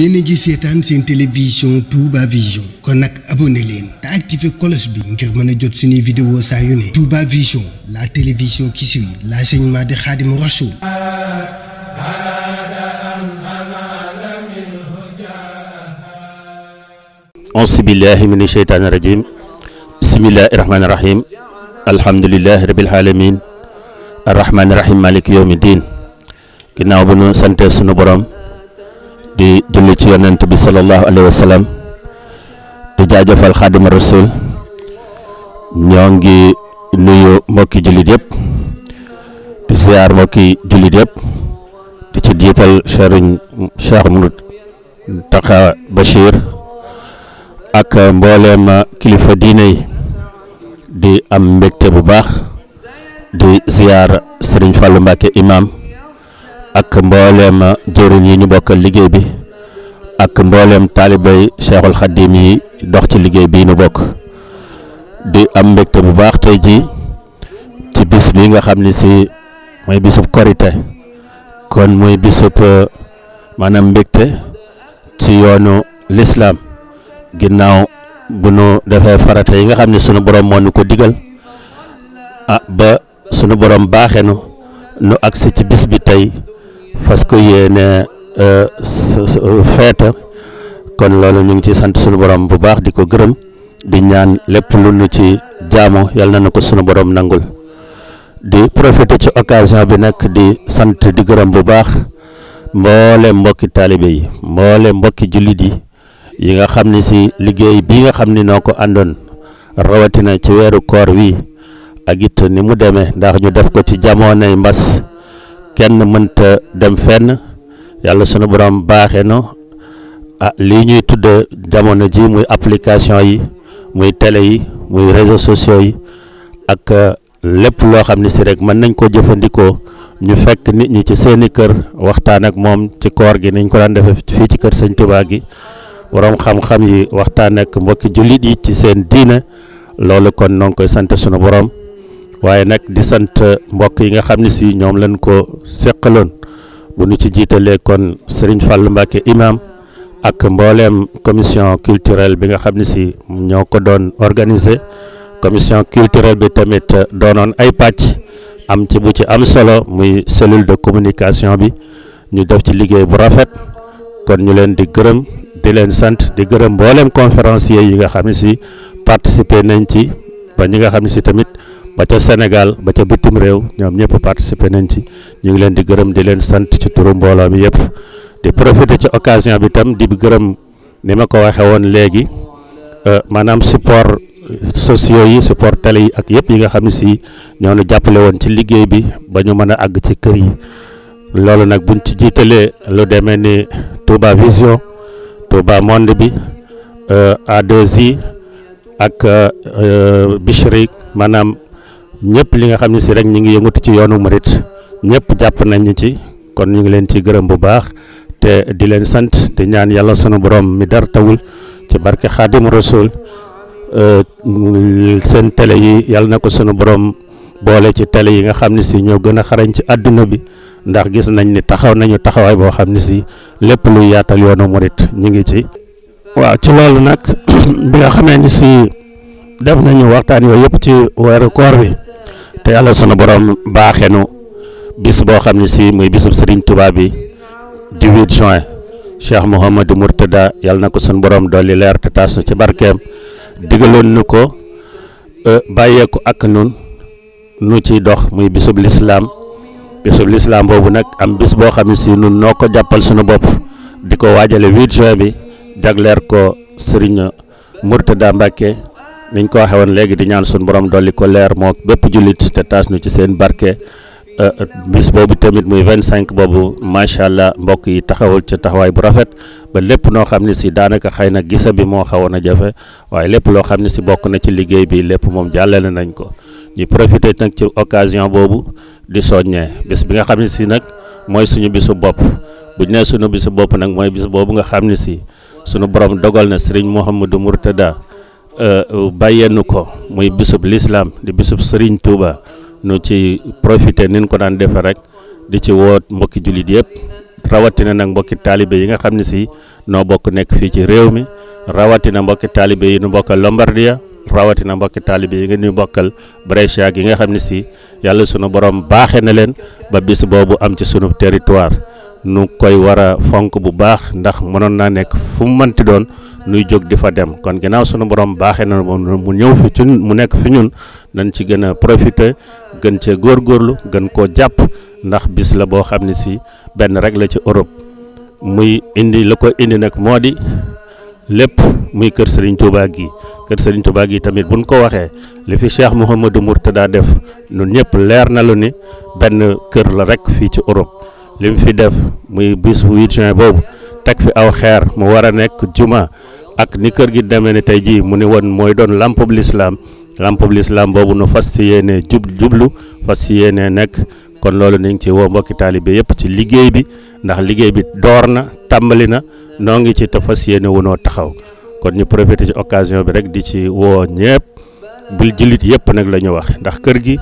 yéen a ngi seetaan seen télévision Touba Vision kon nag abonné leen te activé cloche bi ngir mën jot suñuy vidéo saa yu ne Touba Vision la télévision qui suit l'enseignement de Khadimou Rassoul auzu billahi mina sheytaani rajim bismillahi rahmaani diin ginnaaw bu ñu sunu borom di julli ci yonent bi sallallahu alayhi wa sallam di jaajëfal xaadima rasul ñoo ngi nuyu mbokki jullit yëpp di ziar mbokki jullit yëpp di ci jiital sëriñ Cheikh Mountakha Bachir ak mbooleem kilifa diine yi di am mbégte bu baax di ziar sëriñ Fallou Mbacke imam ak mbooleem jëriñ yi ñu bokkal liggéey bi ak mbooleem taalibay Cheikhul Khadim yi dox ci liggéey bii nu bokk di am mbégte bu baax tey ji ci bis bi nga xam ni si mooy bisub korite kon muy bisub euh, maanaam mbégte ci yoonu lislaam ginnaaw bu nu defee farata yi nga xam ni sunu borom moo nu ko digal ah ba sunu borom baaxee nu agsi ci bis bi tey fas ko yéene Euh, euh, feeta kon loolu ñu ngi ci sant sunu borom bu baax di ko gërëm di ñaan lépp lu nu ci jaamu yal na na ko sunu boroom nangul di profité ci occasion bi nag di sant di gërëm bu baax mboole mbokki taalibe yi mboole mbokki jullit yi yi nga xam ni si liggéey bi nga xam ni noo ko àndoon rawatina ci weeru koor wi ak it ni mu demee ndax ñu def ko ci nay mbas kenn mënta dem fenn yàlla sunu borom baaxee na a ah, lii ñuy tudd jamono ji muy application yi muy télé yi muy réseaux sociaux yi ak euh, lépp loo xam ne si rek mën nañ ko jëfandikoo ñu fekk nit ñi ci seeni kër waxtaan ak moom ci koor gi niñ ko daan defee fii ci kër sëñ Tuubaa gi boroom xam-xam yi waxtaan ak mbokki jullit yi ci seen diine loolu kon noo ngi koy sant sunu borom waaye nag di sant euh, mbokk yi nga xam ne si ñoom lañ ko seqaloon bu ñu ci jiitalee kon Serigne Fallou Mbacke imam ak mbooleem commission culturelle bi nga xam ne si ñoo ko doon organisé commission culturelle bi tamit doonoon ay pàcc am ci bu ci am solo muy cellule de communication bi ñu def ci liggéey bu rafet kon ñu leen di gërëm di leen sant di gërëm mbooleem conférencier yi nga xam ne si participer nañ ci ba ñi nga xam ne si tamit ba ca Sénégal ba ca bitim réew ñoom ñëpp participé nañ ci ñu ngi leen di gërëm di leen sant ci turu mbooloo mi yëpp di profiter ci occasion bi tam di gërëm ni ma ko waxee woon léegi euh, maanaam support sociaux yi support télé yi ak yëpp yi nga xam ne si ñoo ñu jàppale woon ci liggéey bi ba ñu mën a àgg ci kër yi loolu nag buñ ci jiitalee lu demee ni Touba Vision Touba Monde bi euh, A2I ak euh, Bichri maanaam. ñëpp li nga xam ne si rek ñu ngi yëngatu ci yoonu murit ñëpp jàpp nañu ci kon ñu ngi leen ci gërëm bu baax te di leen sant te ñaan yàlla sunu boroom mi dara tawul ci barke xaadim rasul euh, seen tele yi yàlla na ko sunu boroom boole ci tele yi nga xam ne si ñoo gën a xarañ ci àdduna bi ndax gis nañ ni taxaw nañu taxawaay boo xam ne si lépp luy yaatal yoonu murit ñu ngi ci. waaw ci loolu nag bi nga xamee ni si def nañu waxtaan yooyu yëpp ci weeru koor bi. te yàlla sunu borom baaxee nu bis boo xam ne si muy bisub sëriñ tubaab bi 18 juin Cheikh Mouhamadou Mourtada yàlla na ko sunu borom dolli leer te taas nu ci barkeem digaloon nu ko euh, bàyyeeku ak nun nu ci dox muy bisub lislaam bisub lislaam boobu nag am bis boo xam ne si nun noo ko jàppal sunu bopp di ko waajale 8 juin bi jagleer ko Serigne Mourtada Mbacke. niñ ko waxee woon léegi di ñaan sunu borom dolli ko leer moo bépp jullit te taas nu ci seen barke euh, euh, bis boobu tamit muy vingt cinq boobu macha allah mbokk yi taxawul ci taxawaay bu rafet ba lépp noo xam ne si daanaka xëy na gisa bi moo xawoon a jafe waaye lépp loo xam ne si bokk na ci liggéey bi lépp moom jàllale nañ ko ñu profité nag ci occasion boobu di soññee bis bi nga xam ne si nag mooy suñu bisu bopp bu ñu nee suñu bisu bopp nag mooy bis boobu nga xam ne si suñu borom dogal na Serigne Mouhamadou Mourtada Euh, bàyyeenu ko muy bisub lislaam di bisub sëriñ Touba nu ci profité nin ko daan defe rek di ci woot mbokki jullit yëpp rawatina nag mbokki taalibe yi nga xam ne si noo bokk nekk fii ci réew mi rawatina mbokki taalibe yi nu mbokkal Lombardia rawatina mbokki taalibe yi nga ñu bokkal Brescia yi nga xam ne si yàlla sunu borom baaxe na leen ba bis boobu am ci sunu territoire nu koy war a fonk bu baax ndax mënoon naa nekk fu mu mënti doon nuy jóg di fa dem kon ginnaaw sunu borom baaxee na mu ñëw fi ci mu nekk fi ñun nañ ci gën a profiter gën cee góor góorlu gën koo jàpp ndax bis la boo xam ne si benn rek la ci Europe muy indi la ko indi nag moo di lépp muy kër Serigne Touba gi kër Serigne Touba gi tamit buñ ko waxee li fi Cheikh Mouhamadou daa def ñun ñëpp leer na lu ni benn kër la rek fii ci Europe. li mu fi def muy bis bu 8 boobu teg fi aw xeer mu war a nekk juma ak ni kër gi demee ni tey jii mu ne woon mooy doon lampab lislaam lampab lislaam boobu nu fas ci yéenee jub jublu fas ci yéenee nekk kon loolu ni ngi ci woo mbokki taalibe yëpp ci liggéey bi ndax liggéey bi door na tàmbali na noo ngi ci te fas yéene wunoo taxaw kon ñu profité ci occasion bi rek di ci woo ñëpp bul jullit yëpp nag lañu wax ndax kër gi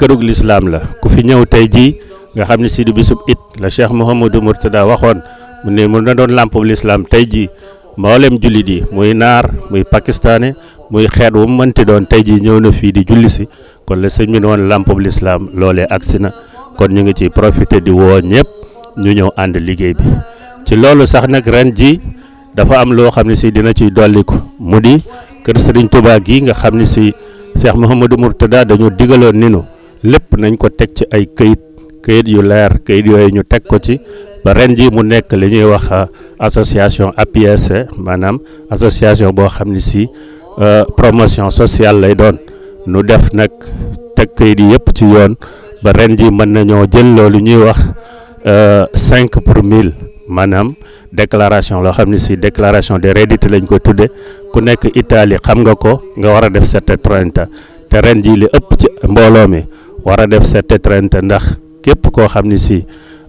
kërug lislaam la ku fi ñëw tey jii nga xam ne si di bisub it la Cheikh Mouhamadou Mourtada waxoon mu ne mun na doon làmpub lislaam tey jii mboolem jullit yi muy naar muy pakistané muy xeet wu mu mënti doon tey jii ñëw na fii di julli si kon la sëñ bi ne woon làmpub lislaam loolee agsi na kon ñu ngi ci profité di woo ñëpp ñu ñëw ànd liggéey bi ci loolu sax nag ren ji dafa am loo xam ne si dina ciy dolliku mu di kër sa dañ Touba gii nga xam ne si Cheikh Mouhamadou Mourtada dañu digaloon ninu lépp nañ ko teg ci ay këyit këyit yu leer kayit yooyu ñu teg ko ci ba ren ji mu nekk li ñuy wax euh, association APS maanaam association boo xam ne si euh, promotion sociale lay doon nu def nag teg kayit yi yëpp ci yoon ba ren ji mën nañoo jël loolu ñuy wax euh, cinq pour mille maanaam déclaration loo xam ne si déclaration de reddite lañ ko tudde ku nekk Italie xam nga ko nga war a def sette trente te ren li ëpp ci mbooloo mi war def sette trente ndax képp koo xam ne si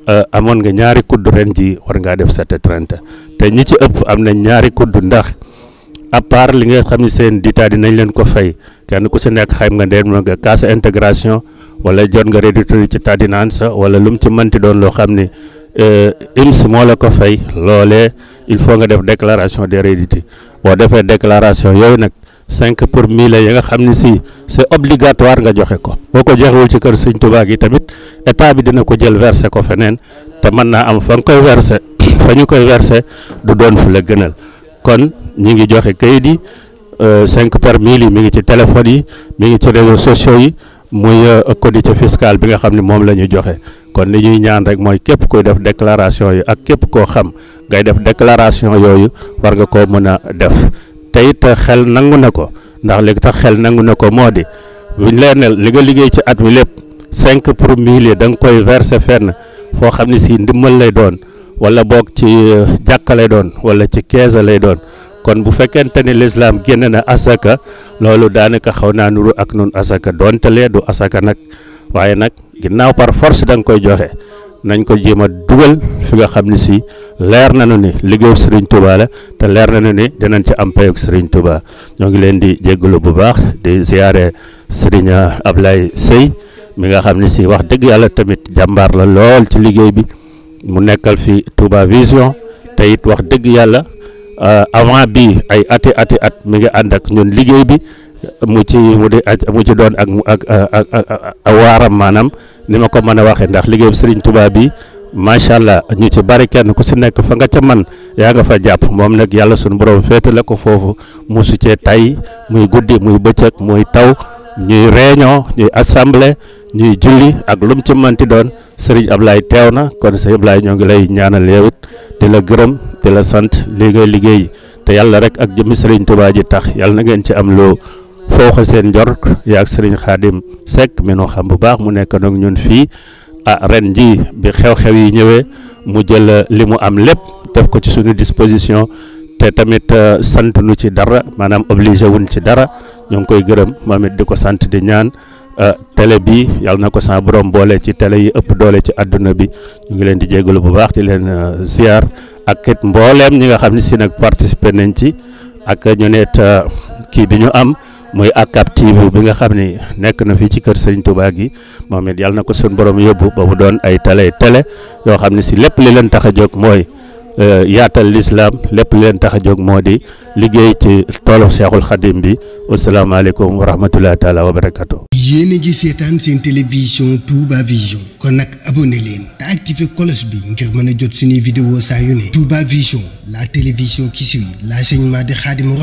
euh, amoon nga ñaari kudd ren ji war ngaa def sept trente te ñi ci ëpp am na ñaari kudd ndax à part li nga xam ne seen dita dinañ leen ko fay kenn ku si nekk xayma nga ndeen ma nga casse intégration wala jot nga réduction ci tàddinaan wala lu mu ci mënti doon loo xam ne euh, IMS moo la ko fay loole il faut nga def déclaration d'hérédité boo defee déclaration yooyu nag cinq pour mille yi nga xam ne si c'est obligatoire nga joxe ko boo ko joxewul ci kër sëñ Tuubaa yi tamit état bi dina ko jël verser ko feneen te mën naa am fa nga koy verser fa ñu koy verser du doon fu la gënal kon ñu ngi joxe kayit yi euh, cinq par mille yi mi ngi ci téléphone yi mu ngi ci réseaux sociaux yi muy codice euh, fiscal bi nga xam ne moom la ñuy joxe kon li ñuy ñaan rek mooy képp koy def déclaration yi ak képp koo xam ngay def déclaration yooyu war nga koo mën a def te it xel nangu na ko ndax li tax xel nangu na ko moo di buñ leer ne li nga liggéey ci at mi lépp cinq pour mille da nga koy verser fenn foo xam ne si ndimbal lay doon wala boog ci euh, jàkka lay doon wala ci keesa lay doon kon bu fekkente ne lislaam génn na asaka loolu daanaka xaw naa nuru ak nun asaka doonte lee du asaka nag waaye nag ginnaaw par force da nga koy joxe nañ ko jéem a dugal fi nga xam ne si leer nañu ni liggéeyu Serigne Touba la te leer nañu ne dinañ ci am payoog Serigne Touba ñoo ngi leen di jéggalu bu baax di ziare Serigne Ablaye Seye mi nga xam ni si wax dëgg yàlla tamit jàmbaar la lool ci liggéey bi mu nekkal fi Touba Vision te it wax dëgg yàlla avant bi ay ati ati at mi ngi ànd ak ñun liggéey bi mu ci mu di mu ci doon ak ak ak waaram maanaam. ni ma ko mën a waxee ndax liggéey sëriñ Touba bi macha allah ñu ci bari kenn ku si nekk fa nga ca man yaa nga fa jàpp moom nag yàlla suñu borom féetale ko foofu musu cee tay muy guddi muy bëccëg muy taw ñuy réunion ñuy assemblée ñuy julli ak lu mu ci mënti doon sëriñ Ablaye teew na kon sëriñ Ablaye ñoo ngi lay ñaanal yow it di la gërëm di la sant li ngay liggéey te yàlla rek ak jëmmi sëriñ Touba ji tax yàlla na ngeen ci am loo. fooxa seen njort yaag sëriñ xaadim Seck mi noo xam bu baax mu nekk nag ñun fii a ah, ren ji bi xew-xew yi ñëwee mu jël li mu am lépp def ko ci suñu disposition te tamit ah, sant nu ci dara maanaam obligé wuñ ci dara ñu ngi koy gërëm moom it di ko sant di ñaan ah, tele bi yàlla na ko sa borom boole ci tele yi ëpp doole ci àdduna bi ñu ngi leen di jégalu bu baax ci leen ziar ak it mbooleem ñi nga xam ne si nag participer nañ ci ak ñu neet kii bi ñu am muy Acap TV bi nga xam ni nekk na fii ci kër Serigne Touba gi moom it yàlla na ko suñu boroom yóbbu ba mu doon ay télé télé yoo xam ne si lépp li leen tax a jóg mooy euh, yaatal lislaam lépp li leen tax a jóg moo di liggéey ci toolu Seexul Xadim bi asalaamaaleykum wa rahmatullahi taala wa barakaatu. yéen a ngi seetaan seen télévision Touba Vision kon nag abonné leen te activé cloche bi ngir mën a jot suñuy vidéo saa yu ne Touba Vision la télévision qui suit l'enseignement de Khadimou